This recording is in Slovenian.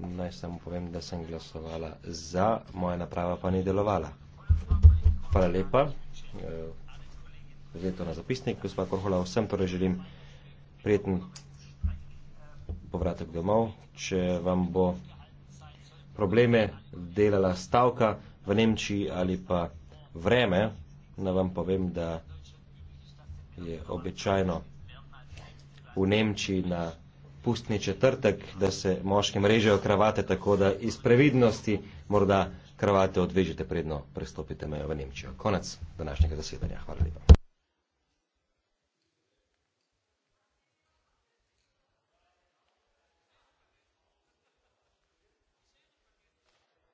Naj samo povem, da sem glasovala za, moja naprava pa ni delovala. Hvala lepa. Zdaj eh, to na zapisnik, gospod Korhola, vsem torej želim prijeten povratek domov. Če vam bo probleme delala stavka v Nemčiji ali pa vreme, na vam povem, da je običajno v Nemčiji na pustni četrtek, da se moškim režejo kravate, tako da iz previdnosti morda kravate odvežete predno prestopite mejo v Nemčijo. Konec današnjega zasedanja. Hvala lepa.